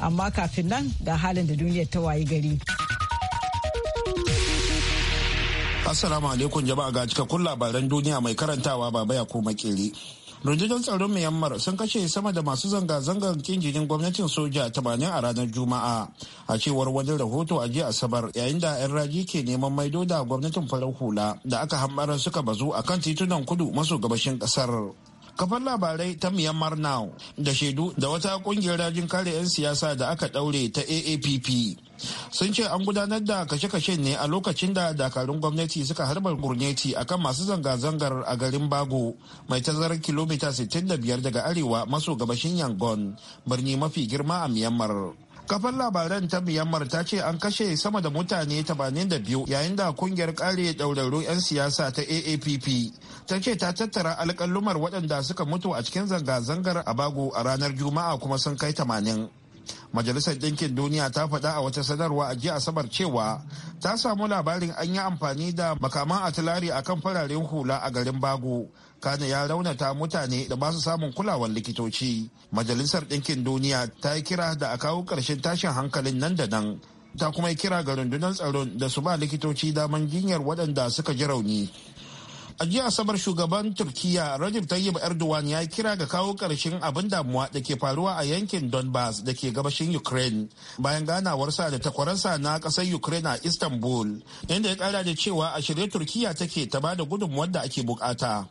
amma kafin nan ga halin da duniyar ta wayi gari. Assalamu alaikum jama'a ga cikakkun labaran duniya mai karantawa baba ya kuma kiri. Rundunar tsaron Myanmar sun kashe sama da masu zanga-zangar kinjinin gwamnatin soja tamanin a ranar Juma'a a cewar wani rahoto a jiya Asabar yayin da 'yan raji ke neman maido da gwamnatin farar hula da aka hambara suka bazu a kan titunan kudu maso gabashin kasar. kafar labarai ta myanmar now da shaidu da wata kungiyar rajin kare 'yan siyasa da aka daure ta aapp sun ce an gudanar da kashe-kashe ne a lokacin da dakarun gwamnati suka harbar gurneti kan masu zanga-zangar a garin bago mai tazarar kilomita 65 daga arewa maso gabashin yangon birni mafi girma a myanmar Kafar labaran ta Myanmar ta ce an kashe sama da mutane 82 yayin da kungiyar kare ɗaurarru 'yan siyasa ta AAPP ta ce ta tattara alkalumar waɗanda suka mutu a cikin zanga-zangar a bago a ranar Juma'a kuma sun kai 80. Majalisar Ɗinkin Duniya ta faɗa a wata sanarwa a jiya Asabar cewa ta samu labarin an yi amfani da makaman atilari akan fararen hula a garin Bago kane ya raunata mutane da ba su samun kulawar likitoci majalisar ɗinkin duniya ta yi kira da a kawo ƙarshen tashin hankalin nan da nan ta kuma yi kira ga rundunar tsaron da su ba likitoci daman jinyar waɗanda suka ji rauni a jiya asabar shugaban turkiya rajib tayyib erdogan ya kira ga kawo karshen abin damuwa da ke faruwa a yankin donbass da ke gabashin ukraine bayan ganawar sa da takwaransa na ƙasar ukraine a istanbul inda ya ƙara da cewa a shirye turkiya take ta ba da gudunmuwar da ake bukata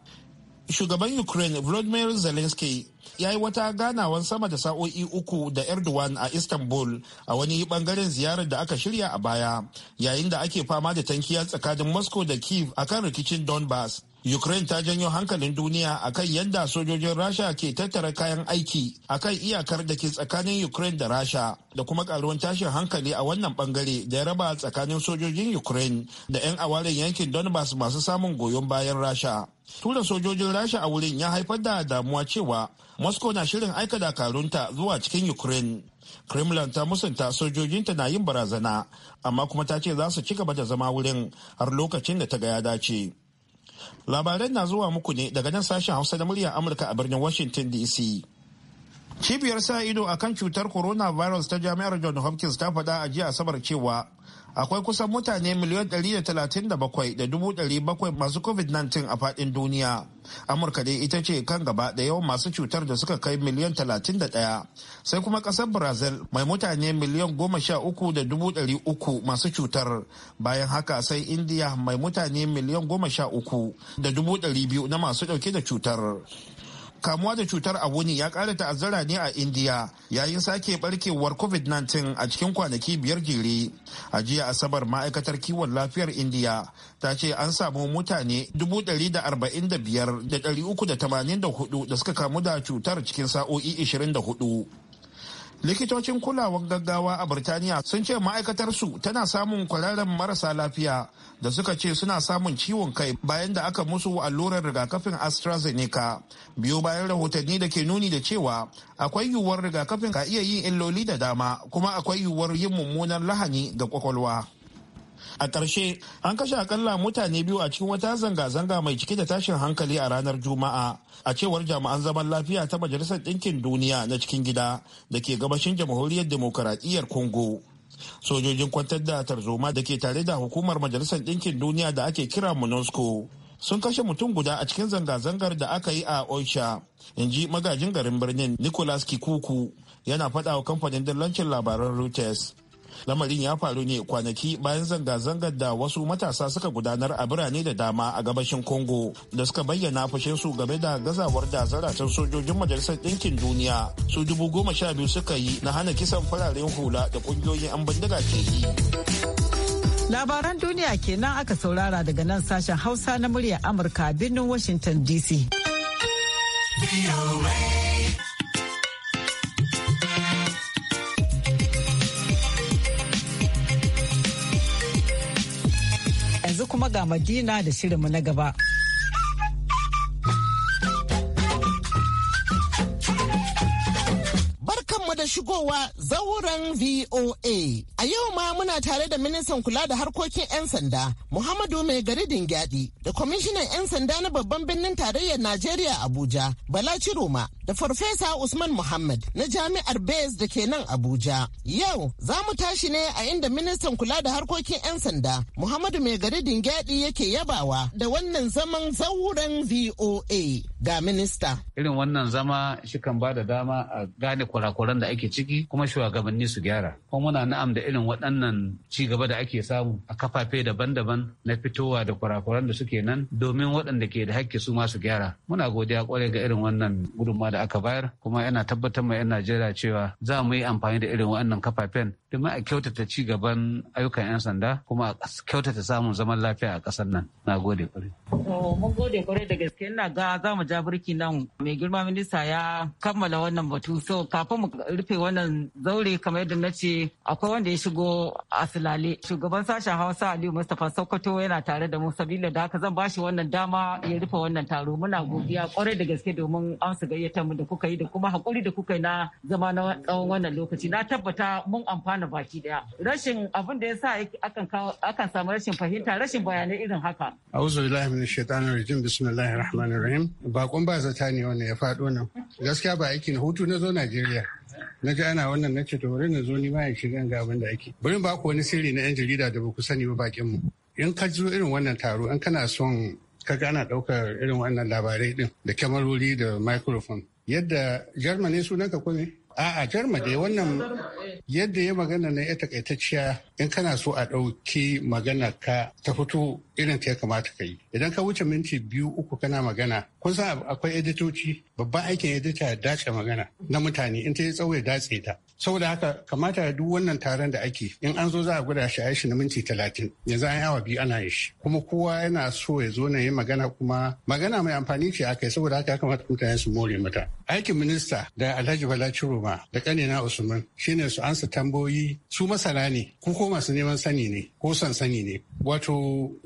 shugaban ukraine volodymyr zelensky ya yi wata ganawar sama da sa'o'i uku da erdogan a istanbul a wani bangaren ziyarar da aka shirya a baya yayin da ake fama da tankiya tsakanin moscow da kiev akan rikicin donbass ukraine ta janyo hankalin duniya akan yadda sojojin rasha ke tattara kayan aiki akan iyakar da ke tsakanin ukraine da rasha da kuma karuwan tashin hankali a wannan bangare da ya raba tsakanin sojojin ukraine da 'yan awarin yankin donbass masu samun goyon bayan rasha Tura sojojin Rasha a wurin ya haifar da damuwa cewa Moscow na shirin aika dakarunta zuwa cikin Ukraine. Kremlin ta musanta sojojinta na yin barazana, amma kuma ta ce za su ci gaba da zama wurin har lokacin da ta ga ya dace. Labaran na zuwa muku ne daga nan sashen Hausa da muryar Amurka a birnin Washington DC. Cibiyar sa ido a kan cutar coronavirus ta jami'ar John Hopkins ta faɗa a jiya Asabar cewa akwai kusan mutane miliyan 137,700 masu covid-19 a fadin duniya amurka dai ita ce kan gaba da yawan masu cutar da suka kai miliyan 31 sai kuma kasar brazil mai mutane miliyan 13,300 masu cutar bayan haka sai india mai mutane miliyan 13,200 na masu dauke da cutar kamuwa da cutar a wuni ya kara ta'azzara ne a indiya yayin sake barkewar covid-19 a cikin kwanaki biyar jere a jiya asabar ma'aikatar kiwon lafiyar indiya ta ce an samu mutane ɗari da suka kamu da cutar cikin sa'o'i 24 likitocin kulawar gaggawa a birtaniya sun ce ma'aikatar su tana samun kwararren marasa lafiya da suka ce suna samun ciwon kai bayan da aka musu allurar rigakafin astrazeneca biyu bayan rahotanni da ke nuni da cewa akwai yiwuwar rigakafin ka iya yin illoli da dama kuma akwai yiwuwar yin mummunan lahani ga kwakwalwa a ƙarshe an kashe akalla mutane biyu a cikin wata zanga-zanga mai cike da tashin hankali a ranar juma'a a cewar jami'an zaman lafiya ta majalisar ɗinkin duniya na cikin gida da ke gabashin jamhuriyar demokaradiyyar congo sojojin kwantar da tarzoma da ke tare da hukumar majalisar ɗinkin duniya da ake kira monusco sun kashe mutum guda a cikin zanga-zangar da aka yi a oisha in ji magajin garin birnin nicolas kikuku yana faɗa wa kamfanin dillancin labaran reuters lamarin ya faru ne kwanaki bayan zanga-zangar da wasu matasa suka gudanar a birane da dama a gabashin congo da suka bayyana su game da gazawar da zaratan sojojin majalisar ɗinkin duniya su dubu goma sha biyu suka yi na hana kisan fararen hula da ƙungiyoyin 'yan bindiga ke yi labaran duniya kenan aka saurara daga nan sashen hausa na muryar amurka birnin washington dc kuma ga Madina da shirinmu na gaba. shigowa zauren VOA. A yau ma muna tare da ministan kula da harkokin 'yan sanda Muhammadu Mai garidin Dingyadi da kwamishinan 'yan sanda na babban birnin tarayyar Najeriya Abuja Bala Ciroma da Farfesa Usman Muhammad na Jami'ar Bez da ke nan Abuja. Yau za mu tashi ne a inda ministan kula da harkokin 'yan sanda Muhammadu Mai garidin Dingyadi yake yabawa da wannan zaman zauren VOA. ga minista. Irin wannan zama shi kan ba da dama a gane kurakuran da ake ciki kuma shugabanni su gyara. Kuma muna na'am da irin waɗannan ci gaba da ake samu a kafafe daban-daban na fitowa da kurakuran da suke nan domin waɗanda ke da hakki su masu gyara. Muna godiya kwarai ga irin wannan gudunmawa da aka bayar kuma yana tabbatar ma 'yan Najeriya cewa za mu yi amfani da irin waɗannan kafafen domin a kyautata ci gaban ayyukan 'yan sanda kuma a kyautata samun zaman lafiya a ƙasar nan. Na gode kwarai. Mun gode kwarai da gaske ina ga za mu ja birki nan mai girma minista ya kammala wannan batu so kafin mu rufe wannan zaure kamar yadda na ce akwai wanda ya shigo a sulale shugaban sashen hausa aliyu mustapha sokoto yana tare da mu sabila da haka zan bashi wannan dama ya rufe wannan taro muna godiya kwarai da gaske domin amsa gayyatar mu da kuka yi da kuma hakuri da kuka yi na zama na tsawon wannan lokaci na tabbata mun amfana baki daya rashin abin da ya sa akan samu rashin fahimta rashin bayanai irin haka. A'udhu billahi minash shaitanir rajim bismillahir rahmanir rahim. bakon ba zata ne wannan ya faɗo nan gaskiya ba aiki na hutu na zo najeriya na ji ana wannan na ce to bari na zo ni ma in shiga ga abin da ake bari ba ku wani sirri na yan jarida da ba ku sani ba bakin mu in ka zo irin wannan taro in kana son ka gana daukar ɗaukar irin wannan labarai din da kyamarori da microphone yadda germany sunanka ko ne a'a germany dai wannan yadda ya magana na ya takaitacciya in kana so a ɗauki magana ka ta fito irin ta ya kamata ka yi idan ka wuce minti biyu uku kana magana kun san akwai editoci babban aikin edita ya dace magana na mutane in ta yi tsawo ya dace ta saboda haka kamata duk wannan taron da ake in an zo za a gwada shi a shi na minti talatin yanzu an awa biyu ana yi shi kuma kowa yana so ya zo na yi magana kuma magana mai amfani ce aka yi saboda haka ya kamata mutane su more mata aikin minista da alhaji bala ciroma da kanina usman shine su ansa tambayoyi su masana ne ko ko masu neman sani ne ko son sani ne wato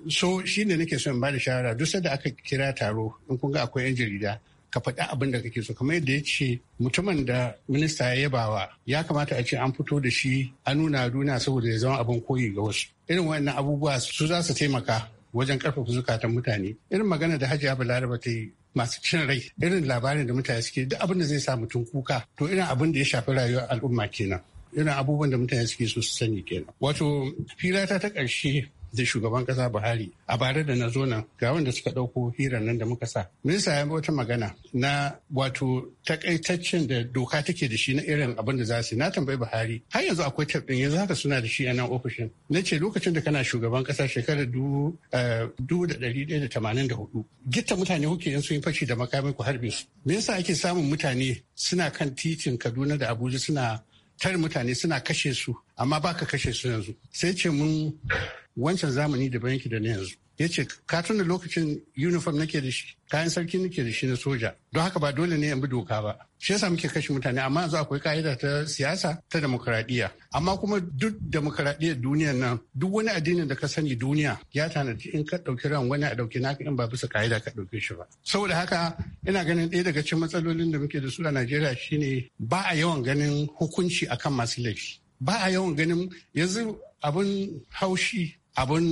su so shi ne nake son ba da shawara duk da aka kira taro in kun ga akwai yan jarida ka faɗi abin da kake so kamar yadda ya ce mutumin da minista ya yabawa ya kamata a ce an fito da shi a nuna duna saboda ya zama abin koyi ga wasu irin wannan abubuwa su za su taimaka wajen karfafa zukatan mutane irin magana da hajiya balaraba ta yi masu cin rai irin labarin da mutane suke duk abin da zai sa mutum kuka to irin abin da ya shafi rayuwar al'umma kenan irin abubuwan da mutane suke so su sani kenan wato filata ta ƙarshe da shugaban kasa Buhari a bare da na zo nan ga wanda suka dauko hirar nan da muka sa. Minista ya wata magana na wato takaitaccen da doka take da shi na irin abin da za su na tambayi Buhari har yanzu akwai tabbin yanzu haka suna da shi a nan ofishin. Na ce lokacin da kana shugaban kasa shekarar dubu eh, da da tamanin da hudu. Gitta mutane kuke yan sun yi fashi da makamai ku harbe su. Me yasa ake samun mutane suna kan titin Kaduna da Abuja suna tare mutane suna kashe su amma baka kashe su yanzu sai ce mun wancan zamani da banki da na yanzu ya ce ka tuna lokacin uniform nake da shi kayan sarki nake da shi na soja don haka ba dole ne yan bi doka ba shi yasa muke kashe mutane amma yanzu akwai ka'ida ta siyasa ta demokradiyya amma kuma duk demokradiyyar duniyar nan duk wani addinin da ka sani duniya ya tanadi in ka ɗauki ran wani a ɗauki naka in ba bisa ka'ida ka ɗauke shi ba saboda haka ina ganin ɗaya daga cikin matsalolin da muke da su a najeriya shine ba a yawan ganin hukunci akan masu laifi ba a yawan ganin yanzu abun haushi abun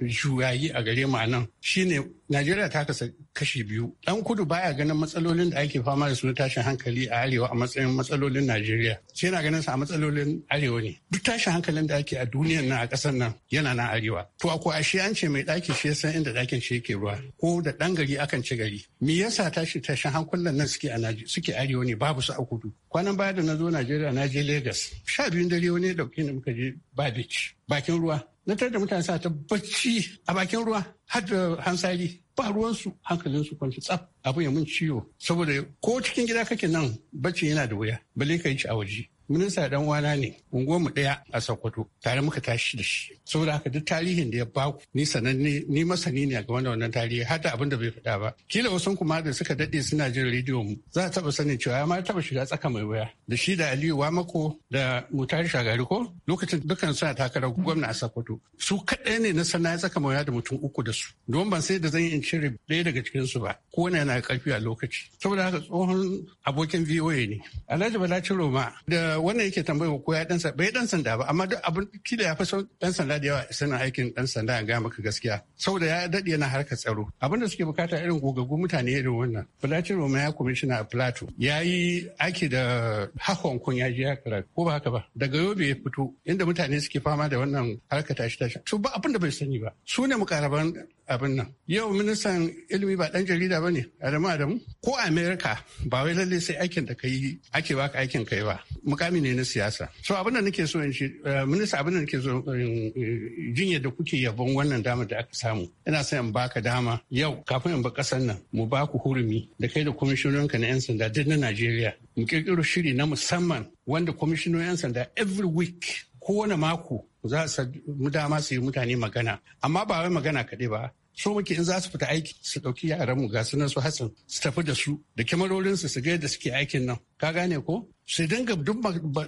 juyayi a gare mu a nan shine Najeriya ta kasa kashi biyu. Ɗan kudu baya ganin matsalolin da ake fama da su na tashin hankali a arewa a matsayin matsalolin Najeriya. Sai yana ganin sa a matsalolin arewa ne. Duk tashin hankalin da ake a duniyar nan a ƙasar nan yana na arewa. To a ko ashe an ce mai ɗaki shi san inda ɗakin shi yake ruwa ko da ɗan gari akan ci gari. Me yasa tashi tashin hankulan nan suke a suke arewa ne babu su a kudu. Kwanan baya da na zo Najeriya na je Lagos. Sha biyun dare wani ɗauke ni muka je Babich bakin ruwa. Na tare da mutane sa ta bacci a bakin ruwa. har da hansari ba ruwansu hankalinsu kwanci tsaf abin ya mun ciwo saboda ko cikin gida kake nan bacci yana da wuya bale ka yi ci a waje minista dan wana ne unguwar mu ɗaya a Sokoto tare muka tashi da shi saboda haka duk tarihin da ya baku ni sananne ni masani ne a game wannan tarihi har da abin da bai faɗa ba kila wasu kuma da suka dade suna jin rediyo mu za a taba sanin cewa ya ma taba shiga tsaka mai wuya da shi da Aliyu mako da Mutari Shagari ko lokacin dukkan suna takarar gwamna a Sokoto su kaɗai ne na sana tsaka mai wuya da mutum uku da su don ban sai da zan yi in cire ɗaya daga cikin su ba ko wani yana karfi a lokaci saboda haka tsohon abokin VOA ne Alhaji Bala Ciroma da wannan yake tambayar ko ya dan sanda bai dan sanda ba amma duk abin kila ya fi son dan sanda da yawa sanin aikin dan sanda ga maka gaskiya saboda ya dade yana harkar tsaro abin da suke bukata irin gogagu mutane irin wannan Plato Roma ya commissioner a Plato ya aiki da hakon kun ya je ya karatu ko ba haka ba daga Yobe ya fito inda mutane suke fama da wannan harkar tashi tashi to ba abin da bai sani ba su ne mukaraban abin nan. Yau ministan ilimi ba dan jarida ba ne, Adamu Adamu? Ko america ba wai lalle sai aikin da ka yi ake baka aikin kai ba. mukami ne na siyasa so abin da nake so in shi eh, minista abin da nake so eh, jin yadda kuke yabon wannan dama da aka samu ina son in baka dama yau kafin in ba kasar nan mu ba ku hurumi da kai da ka na 'yan sanda duk na Najeriya mu kirkiro shiri na musamman wanda kwamishinon 'yan sanda every week kowane mako za su dama su yi mutane magana amma ba wai magana kaɗai ba so muke in za su fita aiki su ɗauki yaran mu ga sunan su Hassan su tafi da su da kyamarorin su su ga yadda suke aikin nan ka gane ko su dinga duk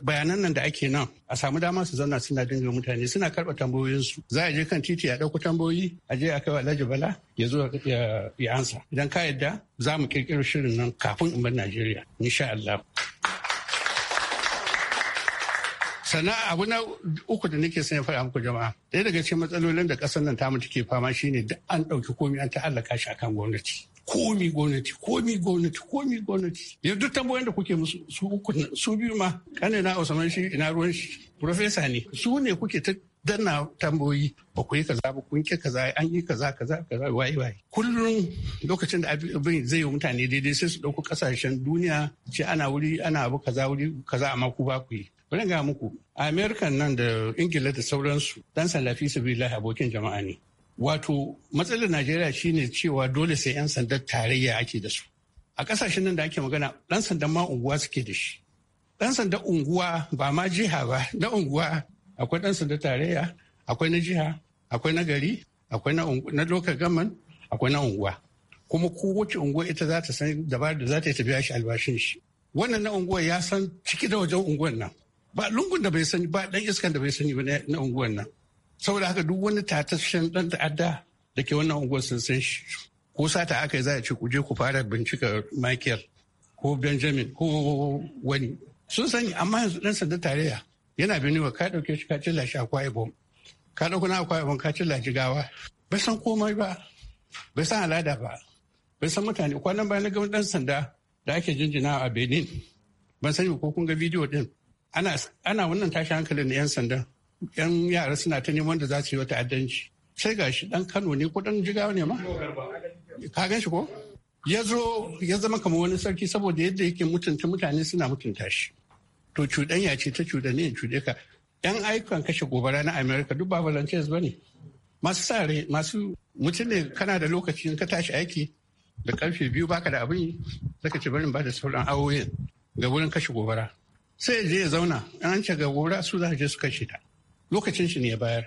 bayanan nan da ake nan a samu dama su zauna suna dinga mutane suna karɓa tambayoyin su za a je kan titi a ɗauko tambayoyi a je a kai Alhaji Bala ya zo ya ansa idan ka yadda za mu kirkiro shirin nan kafin in bar Najeriya insha Allah Sana abu na uku da nake sanya ya faɗa muku jama'a. Ɗaya daga cikin matsalolin da ƙasar nan tamu take fama shine duk an ɗauki komi an ta'allaka shi akan gwamnati. Komi gwamnati, komi gwamnati, komi gwamnati. Yanzu tambayoyin da kuke musu su uku su biyu ma ƙane na Usman shi ina ruwan shi. professor ne. Su ne kuke ta danna tambayoyi ba ku yi kaza ba kun ki kaza an yi kaza kaza kaza waye waye kullum lokacin da abin zai yi mutane daidai sai su ɗauko kasashen duniya ce ana wuri ana abu kaza wuri kaza amma ku ba ku yi bari ga muku a america nan da ingila da sauransu dan salafi bilahi abokin jama'a ne wato matsalar najeriya shine cewa dole sai 'yan sandan tarayya ake da su a kasashen nan da ake magana dan sandan ma unguwa suke da shi dan sandan unguwa ba ma jiha ba na unguwa akwai dan sandan tarayya akwai na jiha akwai na gari akwai na local government akwai na unguwa kuma kowace unguwa ita za ta san dabarar da za ta yi ta biya shi albashin shi wannan na unguwa ya san ciki da wajen unguwan nan ba lungun da bai sani ba dan iskan da bai sani ba na unguwan nan saboda haka duk wani tatashen dan ta'adda da ke wannan unguwar sun san shi ko sata aka yi za a ce ku je ku fara bincika michael ko benjamin ko wani sun sani amma yanzu dan sanda tarayya yana wa ka dauke shi ka cilla shi a kwaye bom ka dauko na kwaye bom ka cilla jigawa bai san komai ba bai san alada ba bai san mutane kwanan bayan na ga dan sanda da ake jinjina a benin ban sani ko kun ga bidiyo din ana wannan tashin hankalin na 'yan sanda yan yara suna ta neman da za su yi wa ta'addanci sai ga shi dan kano ne ko dan jigawa ne ma ka gan shi ko ya zo ya zama kamar wani sarki saboda yadda yake mutunta mutane suna mutunta shi to cuɗanya ce ta ya cuɗe ka yan ayyukan kashe gobara na america duk ba volunteers ba ne masu masu mutum ne kana da lokaci in ka tashi aiki da karfe biyu baka da abin yi zaka ci barin ba da sauran awoyin ga wurin kashe gobara sai ya je ya zauna an ce ga gobara su za je su kashe ta lokacin shi ne ya bayar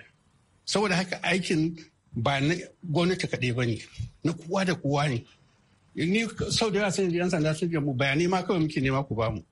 saboda haka aikin ba na gwamnati kaɗai ba ne na kowa da kowa ne ni sau da yawa sun yan sanda sun mu bayanai ma kawai muke nema ku ba mu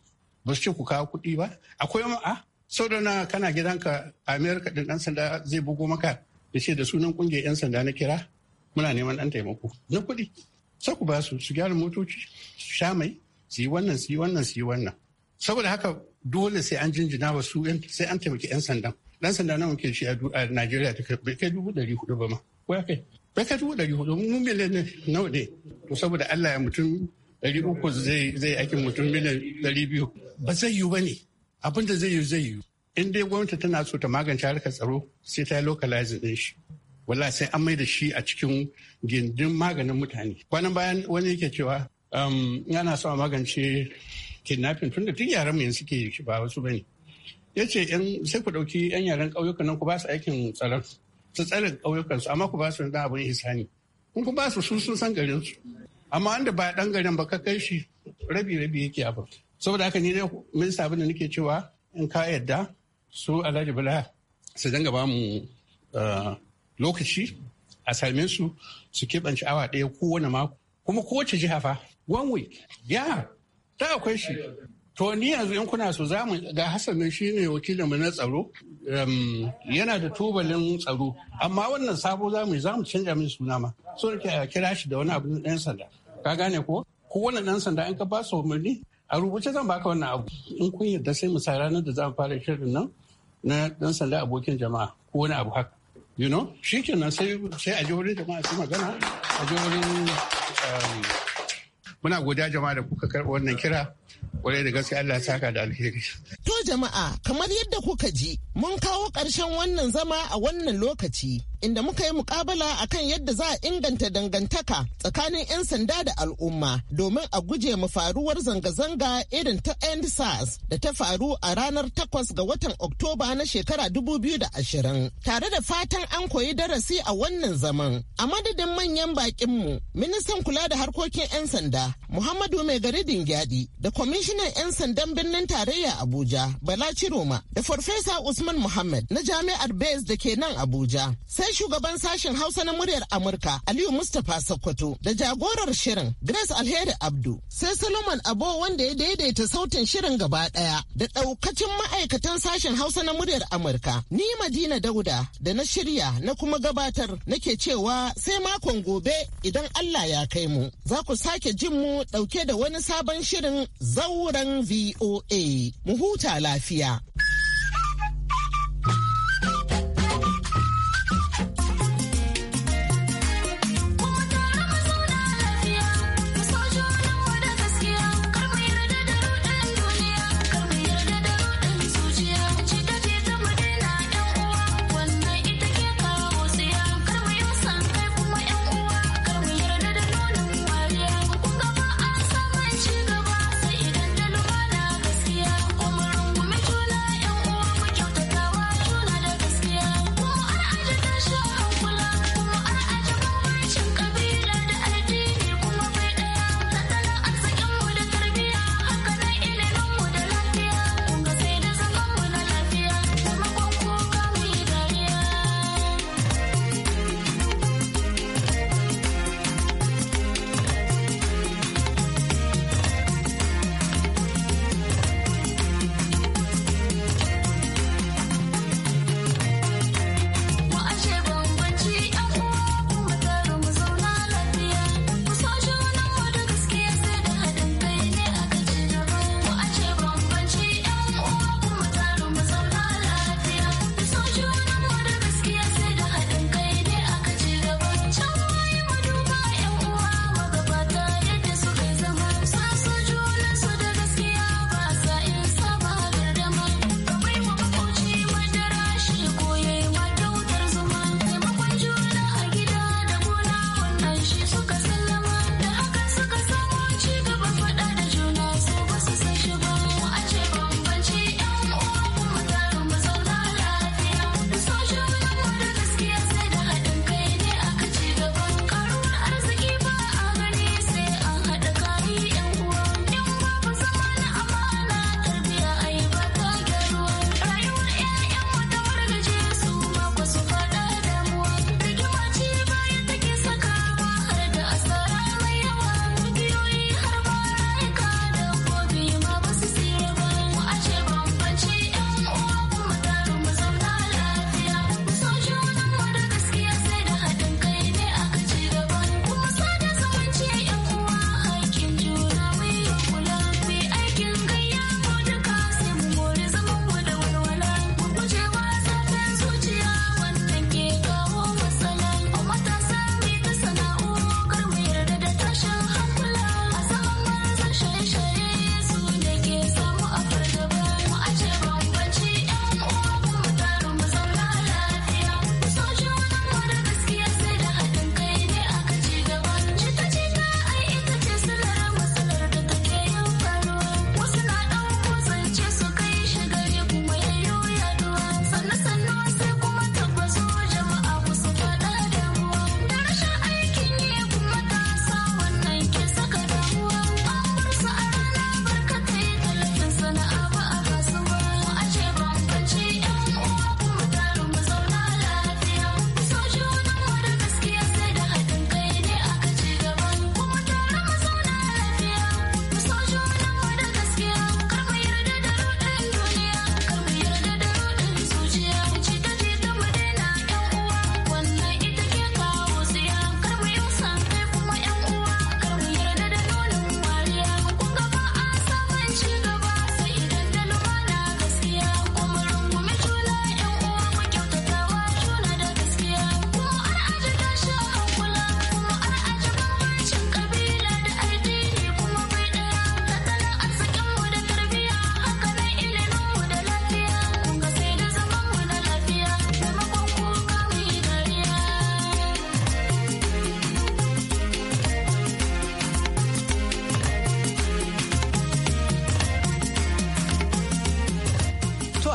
ba su ce ku kawo kuɗi ba akwai ma a sau da na kana gidanka a amerika din ɗan sanda zai bugo maka ya ce da sunan ƙungiyar yan sanda na kira muna neman ɗan taimako na kuɗi sai ku ba su su gyara motoci su sha mai su yi wannan su yi wannan su yi wannan saboda haka dole sai an jinjina wa su sai an taimaki 'yan sanda. dan sanda nawa ke shi a Najeriya ta bai kai dubu dari hudu ba ma ko kai bai kai dubu dari hudu mun miliyan nawa ne to saboda Allah ya mutum dari uku zai zai aikin mutum miliyan dari biyu ba zai yiwu ba ne abin da zai yiwu zai yiwu in dai gwamnati tana so ta magance harkar tsaro sai ta yi localizing din shi wala sai an mai da shi a cikin gindin maganin mutane kwanan bayan wani yake cewa yana um, so a magance kidnapping tunda tun yaran mu yanzu suke shi ba wasu bane ya ce yan sai ku ɗauki yan yaran kauyukan nan ku ba su aikin tsaron su tsare kauyukan su amma ku ba su da abin hisani kun ku ba su su sun san garin su amma wanda ba ɗan garin ba ka kai shi rabi rabi yake abu saboda haka ni dai minista abin da nake cewa in ka yadda su alhaji bala su dinga ba mu eh, lokaci a same su su keɓance awa daya kowane mako kuma kowace jiha fa one week ya ta akwai shi to ni yanzu in kuna so za mu ga hassan shi ne wakilin mu na tsaro um, yana da tubalin tsaro amma wannan sabo za mu za mu canja min suna ma so da kira shi da wani abu ɗan sanda ka gane ko ko wani ɗan sanda in ka ba su umarni a rubuce zan baka wannan abu in kun yarda sai mu sa ranar da za mu fara shirin nan na ɗan sanda abokin jama'a ko wani abu haka you know shikenan sai sai a ji wurin jama'a su magana a ji wurin um, muna godiya jama'a da kuka karɓi wannan kira kwarai da gaske Allah saka da alheri. To jama'a kamar yadda kuka ji mun kawo ƙarshen wannan zama a wannan lokaci inda muka yi mukabala kan yadda za a inganta dangantaka tsakanin 'yan sanda da al'umma domin a guje mu faruwar zanga-zanga irin ta end sars da ta faru a ranar 8 ga watan oktoba na shekara 2020 tare da fatan an koyi darasi a wannan zaman a madadin manyan bakinmu ministan kula da harkokin 'yan sanda muhammadu mai garidin gyadi da kwamishinan 'yan sandan birnin tarayya abuja bala ciroma da farfesa usman muhammad na jami'ar bez da ke nan abuja sai shugaban sashen Hausa na muryar Amurka Aliyu Mustapha Sokoto da jagorar shirin Grace Alheri Abdu sai Solomon Abo wanda ya daidaita sautin shirin gaba daya da daukacin ma'aikatan sashen Hausa na muryar Amurka. Ni Madina Dauda da na shirya na kuma gabatar nake cewa sai makon gobe idan Allah ya kai mu za ku sake jin mu dauke da wani sabon shirin zauren VOA. Mu huta lafiya.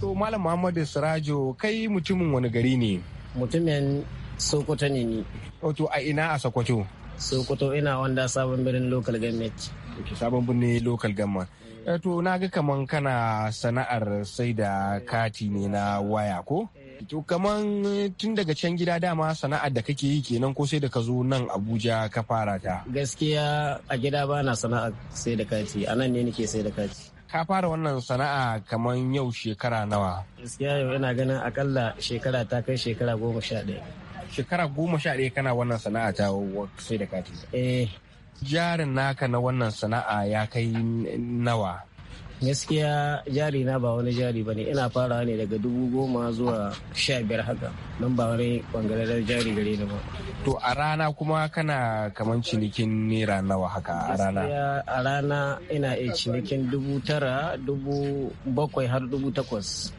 To Malam Muhammadu Sirajo kai mutumin wani gari ne? Mutumin Sokoto ne ni. Wato a ina a Sokoto? Sokoto ina wanda sabon birnin local government. Okay, sabon birnin local government. Eh, to na ga kaman kana sana'ar sai da kati ne na waya ko to kaman tun daga can gida dama sana'ar da kake yi kenan ko sai da ka zo nan abuja ka fara ta gaskiya a gida ba na sana'ar sai da kati a nan ne nake sai da kati ka fara wannan sana'a kamar yau shekara nawa gaskiya yau ina ganin akalla shekara ta kai shekara goma sha ɗaya shekara goma sha ɗaya kana wannan sana'a ta sai da kati eh jarin naka na wannan sana'a ya kai nawa gaskiya jari na ba wani jari ba ne ina farawa ne daga dubu goma zuwa sha biyar haka don ba wani bangaren jari gare ni ba to a rana kuma kana kamar cinikin naira nawa haka a rana a rana ina iya cinikin dubu tara dubu bakwai har dubu takwas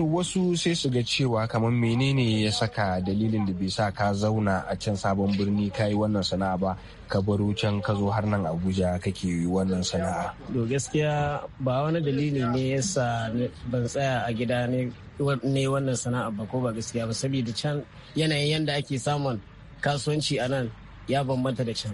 to wasu sai su ga cewa kamar menene ya saka dalilin da bai sa ka zauna a can sabon birni ka yi wannan sana'a ba ka baro can ka zo har nan abuja kake yi wannan sana'a to gaskiya ba wani dalili ne yasa ban tsaya a gida ne wannan sana'a ba ko ba gaskiya ba saboda can yanayin yanda ake samun kasuwanci a nan ya bambanta da can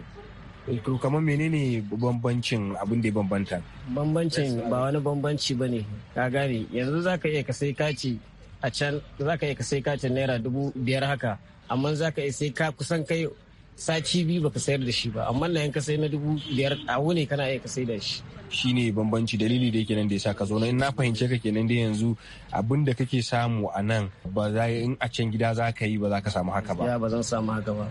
to kamar menene bambancin abin da ya bambanta bambancin ba wani bambanci ba ne ka gane yanzu za ka iya ka sai kaci a can za ka iya ka sai kacin naira dubu biyar haka amma za ka iya sai ka kusan kai sati biyu baka sayar da shi ba amma na ka sai na dubu biyar a wuni kana iya ka sai da shi shi ne bambanci dalili da yake nan da ya sa ka zo in na fahimce ka kenan da yanzu abin da kake samu a nan ba za in a can gida za ka yi ba za ka samu haka ba ya ba zan samu haka ba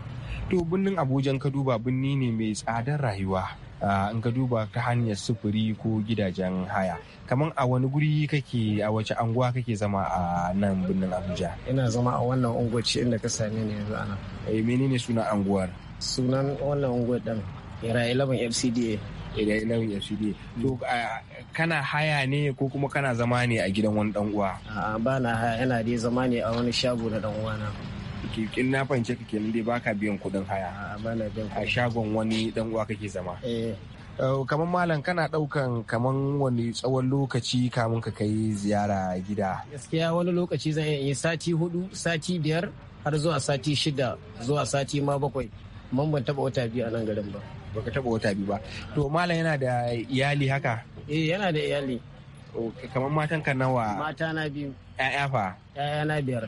to birnin abuja ka duba birni ne mai tsadar rayuwa in ka duba ta hanyar sufuri ko gidajen haya kamar a wani guri kake a wace anguwa kake zama a nan birnin abuja ina zama a wannan unguwaci inda ka same ni yanzu ana eh menene sunan anguwar sunan wannan unguwar dan ira 11 fcda ira 11 fcda to kana haya ne ko kuma kana zama ne a gidan wani dan uwa a'a ba na haya ina dai zama ne a wani shago na dan uwana ok na fahimce ka kenan dai baka biyan kuɗin haya a shagon wani dan uwa kake zama eh, eh, kamar malam kana daukan kamar wani tsawon lokaci kamun ka kai ziyara gida gaskiya wani lokaci zan iya sati hudu sati biyar har zuwa sati shida zuwa sati ma bakwai man ban taba wata biyu a nan garin ba baka taba wata biyu ba to malam yana da iyali haka eh yana da iyali kamar matan ka nawa mata na biyu ƴaƴa fa ƴaƴa na biyar